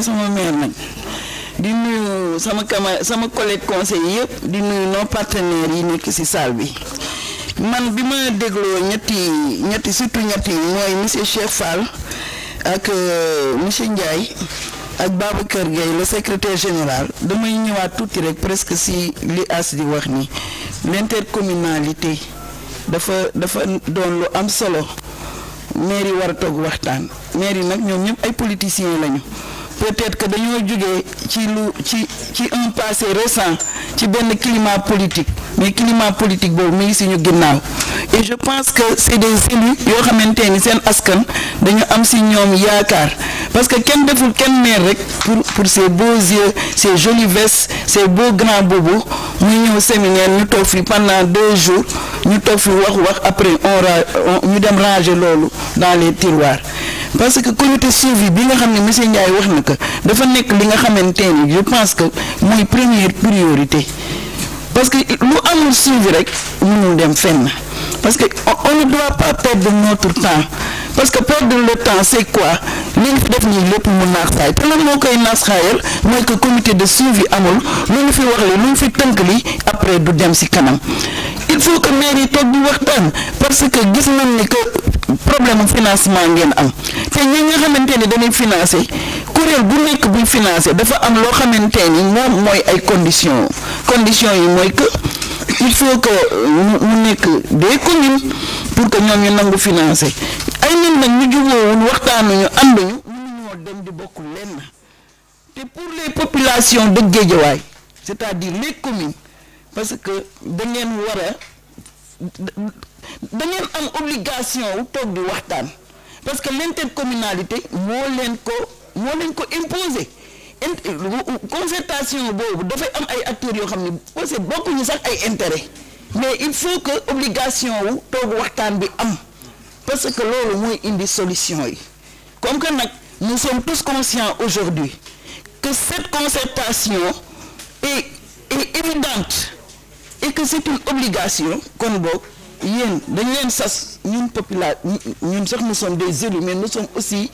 mooy sama maire nag di nuyu sama camarade sama collègue conseil yëpp di nuyu nos partenaires yi nekk ci saal bi man bi ma dégloo ñetti ñetti surtout ñetti mooy monsieur Cheikh Fall ak euh, monsieur Ndiaye ak kër Gueye la secretaire général damay ñëwaat tuuti rek presque ci li as di wax ni l'intercommunalité dafa dafa doon lu am solo maire yi war a toog waxtaan maire yi nag ñoom ñëpp ay politiciens lañu. peut-être que nous avons un passé récent ci le climat politique mais climat politique c'est mais ngi et je pense que c'est des élus qui ont été seen askan dañu am si parce que kenn deful kenn meer rek pour pour ces beaux yeux ces jolies vestes ces beaux grands bobos nous ñëw séminaire nous toog pendant deux jours nous toog après on ra ñu dem dans les tiroirs parce que comité suivi je pense que la première priorité parce que nous avons suivi rek dem parce que on ne doit pas perdre notre temps parce que perdre le temps c'est quoi ñu def mu comité de suivi ñu fi wax ñu après il faut que maire di parce que gis nañ ni problème financement am te ñi nga xamanteni ni dañuy financé kuréel bu nek buy financer dafa am lo xamanteni ni moy ay conditions conditions yi moy que il faut que mu nek des communes pour que ñoom ñu nangu financer ay nit nak ñu jubóowul waxtaanuñu ànduñu ñu dem di bokk lenn te pour les populations de Guédiaway c'est-à-dire les communes parce que da ngeen war a da am obligation wu toog di waxtaan parce que l'intercommunalité moo leen ko imposer concertation boobu am ay acteurs yo xamni intérêt mais il faut que obligation wu toog waxtan bi am parce que lolu moy indi solution yi comme que nous sommes tous conscients aujourd'hui que cette concertation est est évidente et que c'est une obligation qu'on a, yéen dañu leen sas ñun popula ñun sax nous des élus mais nous sommes aussi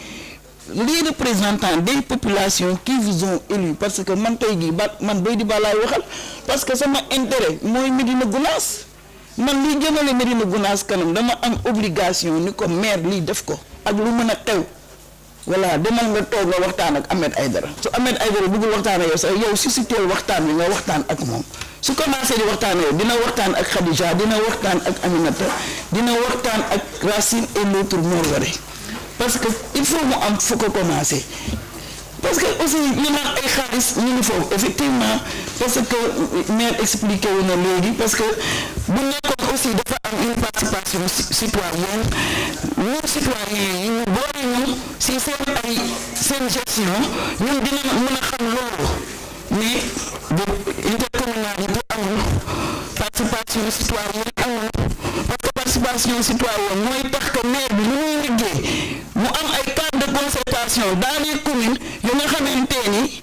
les représentants des populations qui vous élus parce que man tey jii ba man bay di balaay waxal parce que sama intérêt mooy Médina Gounass man luy jëmale Médina Gounass kanam dama am obligation ni ko maire lii def ko ak lu mën a tew voilà demal nga toog nga waxtaan ak Ahmed Aïdara su Ahmed Aïdara bëggul waxtaan ak yow sax yow si si teel waxtaan bi nga waxtaan ak moom su commencé di waxtaan yow dina waxtaan ak Khadija dina waxtaan ak Aminata dina waxtaan ak Racine et l'autre Morware parce que il faut mu am fu ko commencé parce que aussi ñu naan ay xaalis ñu ngi foofu effectivement parce que maire expliqué wu na léegi parce que bu nekkoon aussi une participation citoyenne nous citoyens, nous gestion nous participation citoyenne parce participation citoyenne cadre de concertation dans les communes nous nga xamante ni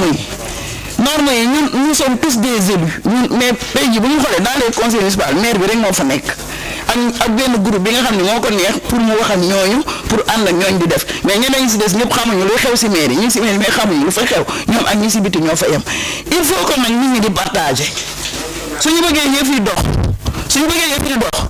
normes yi normes yi ñun nous sommes tous des mais tey bu ñu xoolee dans les conseils municipal bi rek moo fa nekk ak benn groupe bi nga xam ne moo ko neex pour mu wax ñooñu pour ànd ak ñooñu di def mais ñeneen ñi si des ñëpp xamuñu lu xew si maire yi ñu si maire mais xamuñu lu fa xew ñoom ak ñi si biti ñoo fa yem il faut que nag nit ñi di partager suñu bëggee yëf yi dox suñu bëggee yëf yi dox.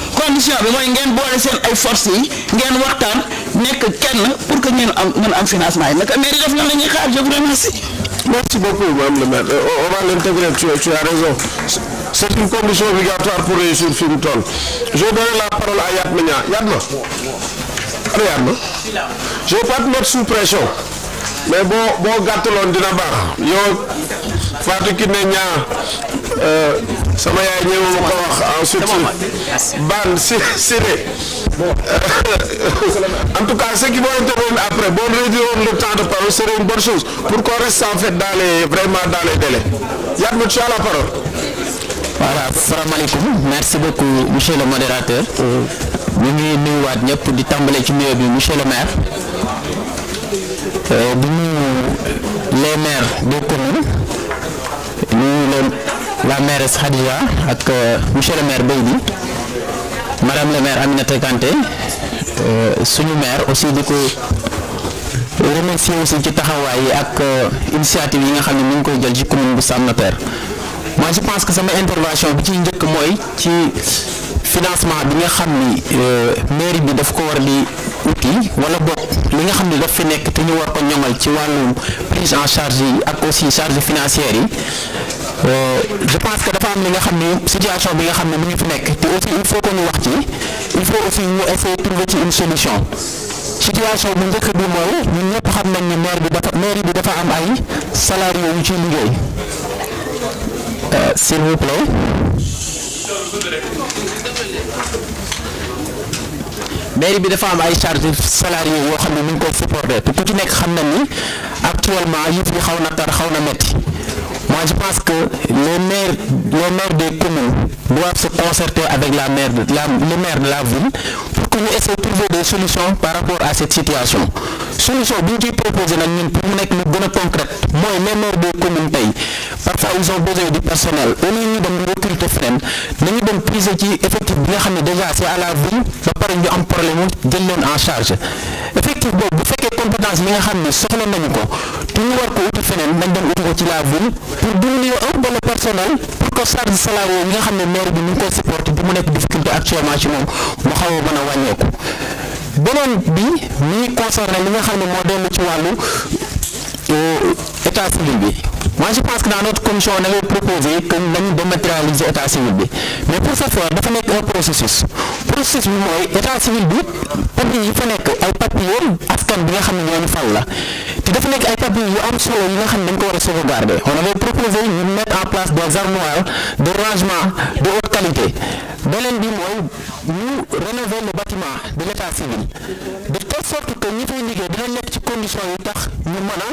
condition bi mooy ngeen boole seen ay forces yi ngeen waxtaan nekk kenn pour que ngeen am mën am financement yi naka mairie def lan la xaar je vous remercie. merci beaucoup madame le maire euh, on va l'intégrer tu, tu as raison c'est une condition obligatoire pour réussir fi mu toll je donne la parole à Yatma Nia Yatma. ana Yatma. je vais pas te mettre sous pression. mais boo boo gàttaloon dina baax yow Fatou Kiné Niang sama yaay ñëw ma ko wax en ensuite ban si Siré en tout cas ceux qui vont intervenir après bon réduire le temps de parole serait une bonne chose pour qu'on reste en fait dans les vraiment dans les délais Yatma tu as la parole voilà salaamaaleykum merci beaucoup monsieur le modérateur euh. ñu ngi nuyuwaat ñëpp di tàmbale ci nuyoo bi monsieur le maire di euh, nuyu les maires des la mairesse Khadija ak euh, monsieur le maire Beydi madame le maire Aminata Kanté euh, suñu maire aussi di ko remercier aussi ci taxaway ak euh, initiative yi nga xamni mu ngi koy jël ci commune bu Sam Notaire moi je pense que sama intervention bi ci ñëk moy ci financement bi nga xamni euh mairie bi daf ko war li outil wala boog li nga xamni daf fi nekk te ñu war ko ñoŋal ci walu prise en charge yi ak aussi charge financière yi Euh, je pense que dafa am li nga xam ne situation bi nga xam ne mu ngi fi nekk te aussi il faut que ñu wax ci il faut aussi ñu essayer trouver ci une solution situation bu njëkk bi mooy ñun ñëpp xam na ne maire bi dafa maire bi dafa am ay salarié yu ci liggéey euh, s'il vous plaît bi dafa am ay charges salariés yoo xam ne ñu ngi koy supporté te ku ci nekk xam na ni actuellement yëf yi xaw na tar xaw na metti Moi, je pense que les maires, les maires des communes doivent se concerter avec la maire de, la, maire de la ville pour que nous essayions de trouver des solutions par rapport à cette situation. Solution bien qui proposée nous pour nous être concrète. Moi, les maires des communes payent. Parfois, ils ont besoin du personnel. Au besoin de nous occulter freine, une devons prise qui effectivement déjà c'est à la ville pare ñu am problème jël leen en charge effectivement boobu bu fekkee compétence yi nga xam ne soxla nañu ko te ñu war ko uti feneen nañ dem uti ci la ville pour diminuer un peu le personnel pour que charge salarié yi nga xam ne maire bi ñu ngi koy supporté bi mu nekk difficulté actuellement ci moom mu xaw a mën benen bi mi ngi concerné li nga xamné mo dem dellu ci wàllu euh, état civil bi moi je pense que dans notre commission on avait proposé que nañu dématérialiser état civil bi mais pour ce faire dafa nekk un processus processus bi mooy état civil bi papier yi fa nekk ay papier askan bi nga xam ne ñoom fal la te dafa nekk ay papier yu am solo yi nga xam ne dañ ko war a sauvegarder on avait proposé ñu mettre en place des armoires de rangement de haute qualité beneen bi mooy ñu rénover le bâtiment de l' état civil de telle sorte que ñi fay liggéey dina nekk ci condition yu tax ñu mën a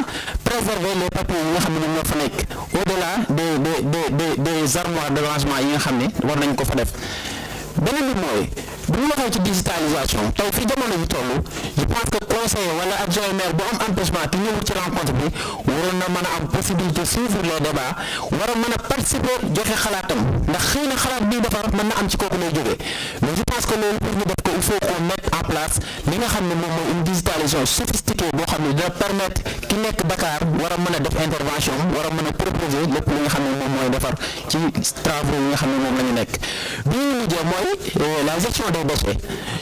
préserver les papiers yi nga xam ne ñoo fa nekk au delà des des des des armoires de rangement yi nga xam ne war nañ ko fa def. beneen bi mooy bu ñu waxee ci digitalisation tey fi jamono ji toll je pense que conseiller wala adjoint maire bu am empêchement te ñëwul ci rencontre bi waroon na mën a am possibilité suivre les débats war a mën a participer joxe xalaatam ndax xëy na xalaat bii defar mën na am ci kooku lay jógee mais je pense que loolu pour ñu def ko il faut qu'on en place li nga xam ne moom mooy une digitalisation suffisante ticket boo xam ne dina permettre ki nekk Dakar war a mën a def intervention war a mën a proposer lépp li nga xam ne moom mooy defar ci travaux yi nga ne moom la ñu nekk bi ñu mujjee mooy euh, la gestion des déchets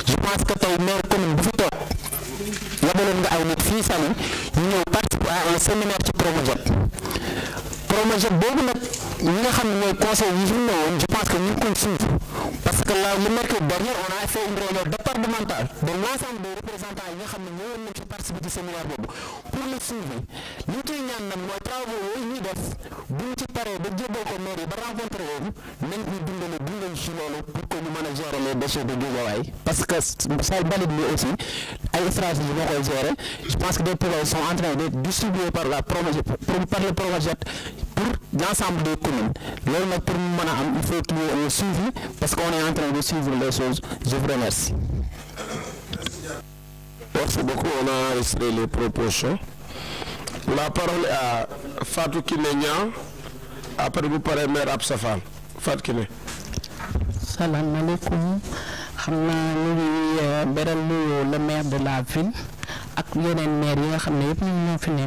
je pense que tey maire commune bu fi toog yabaloon nga ay nit fii Saly ñu ñëw participer à un séminaire ci Promojet Promojet boobu nag ñi nga xam ne mooy conseil yi fi ñëwoon je pense que ñu ngi parce que là le mercredi dernier on a fait une réunion départementale de l'ensemble des représentants qui nga xam ne participer du séminaire pour le suivi li ñu koy ñaan nag mooy travaux qui ñuy def bu ñu ci paree ba jébbal ko maire yi ba rencontré leen nañ ñu dundale pour que ñu mën gérer les déchets de Guédiawaye parce que sale balit bi aussi ay stratégie moo koy je pense que des poubelles sont en train d'être distribués par la par le projet pour l'ensemble des communes. Là, pour il faut que nous ait parce qu'on est en train de suivre les choses. Je vous remercie. Merci beaucoup. On a enregistré les propositions. La parole est à Fatou Kinenya. Après vous parlez maire Absafan. Fatou Kine. Salam alaikum. Je suis le maire de la ville. suis le maire de la ville.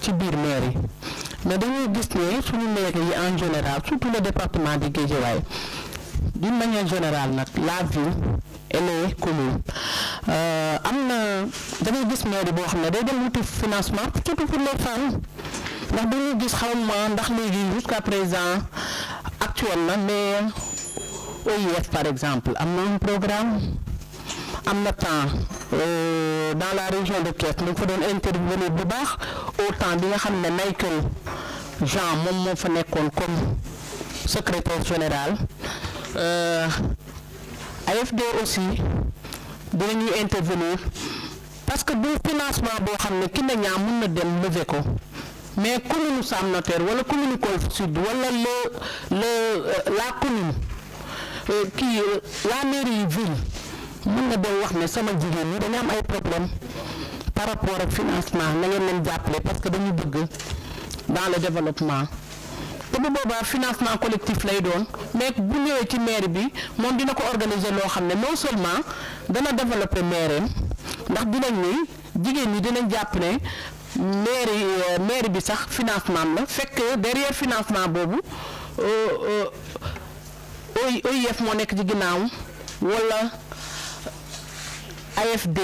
ci mairie mais en général le département de d'une manière générale la ville elle est connue Euh, amna, mairie des day dem financement surtout pour les femmes ndax jusqu'à présent actuellement, mais par exemple un programme euh, dans la région de Thiès nous devons intervenir de au temps bi nga xam ne Michael Jean moom moo fa nekkoon comme secretaire général euh, AFD aussi dinañuy intervenir parce que du financement boo xam ne ki ne ñaa mën na dem lever ko mais commune Sam Notaire wala commune Golf Sud wala le le euh, commune kii euh, la mairie ville mën na dem wax ne sama jigéen ñi dañu am ay problème par rapport ak financement na ngeen leen jàppale parce que dañu bëgg dans le développement te bu boobaa financement collectif lay doon mais bu ñëwee ci maire bi moom dina ko organiser loo xam ne non seulement dana développer maireem ndax dinañ ni jigéen ñi dinañ jàpp ne maire euh, maire bi sax financement la fekk derrière financement boobu euh, euh, OIF e moo nekk ci ginnaaw wala AFD.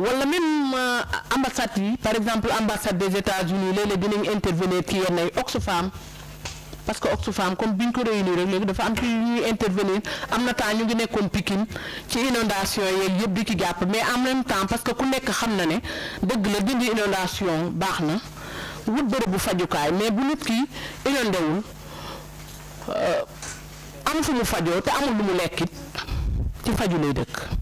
wala même euh, ambassade par exemple ambassade des États-Unis les les dinañ intervenir ci yenn ay Oxfam parce que Oxfam comme bi ñu ko réunir rek léegi dafa am ci intervenir am na temps ñu ngi nekkoon Pikine ci inondation yeeg yëpp di ci mais en même temps parce que ku nekk xam na ne dëgg la dindi inondation baax na wut bërëb bu fajukaay mais bu nit ki inondewul euh, am fu mu fajoo te amul lu mu lekkit ci faju lay dëkk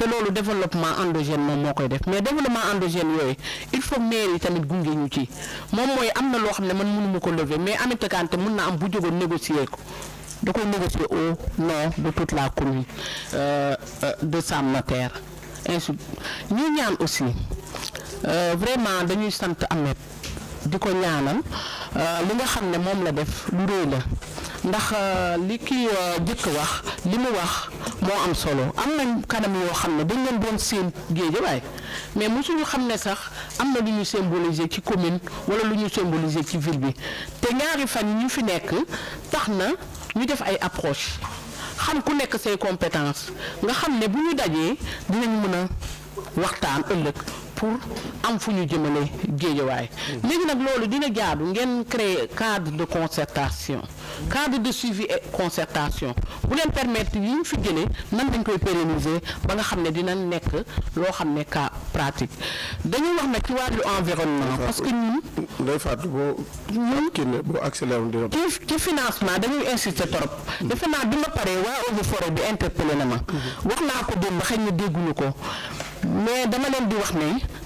te lolu développement endogène mom mokoy def mais développement endogène yoy il faut maire yi tamit gunge ñu ci mom moy amna lo xamné man mënu ko lever mais Aminata Kanté mën na am bu jógoon négocier ko da koy négocier au nom de toute la commune euh, euh, de sa Notaire ainsi ñu ñaan aussi euh, vraiment dañuy sante Ameth diko ñaanal euh, li nga xamné mom la def lu rëy la. ndax euh, li kii euh, jëkk wax li mu wax moo am solo am nañ kanam yoo xam ne dañ leen doon seen géejawaay mais suñu xam ne sax am na lu ñu symboliser ci commune wala lu ñu symboliser ci ville bi te ñaari fan ñu fi nekk tax na ñu def ay approche xam ku nekk say compétence nga xam ne bu ñu dajee dinañ mën a waxtaan ëllëg pour am fuñu jëmele jëmale mm. légui nak nag loolu dina jaadu ngeen créer cadre de concertation cadre de suivi et concertation bu leen permettre yi fi jëlee nan dañ koy pérenniser ba nga xamné ne dina nekk lo xamné ne cas pratique dañu wax nak ci wàllu environnement parce que ñun day fàttu boo ñun kii ne boo accéléré dina ci financement dañuy insister trop mm. defe naa bi ma paree waa eaux bi interpellé na ma mm-hmm. wax naa ko dem xëy déggu ñuko mais dama leen di wax ne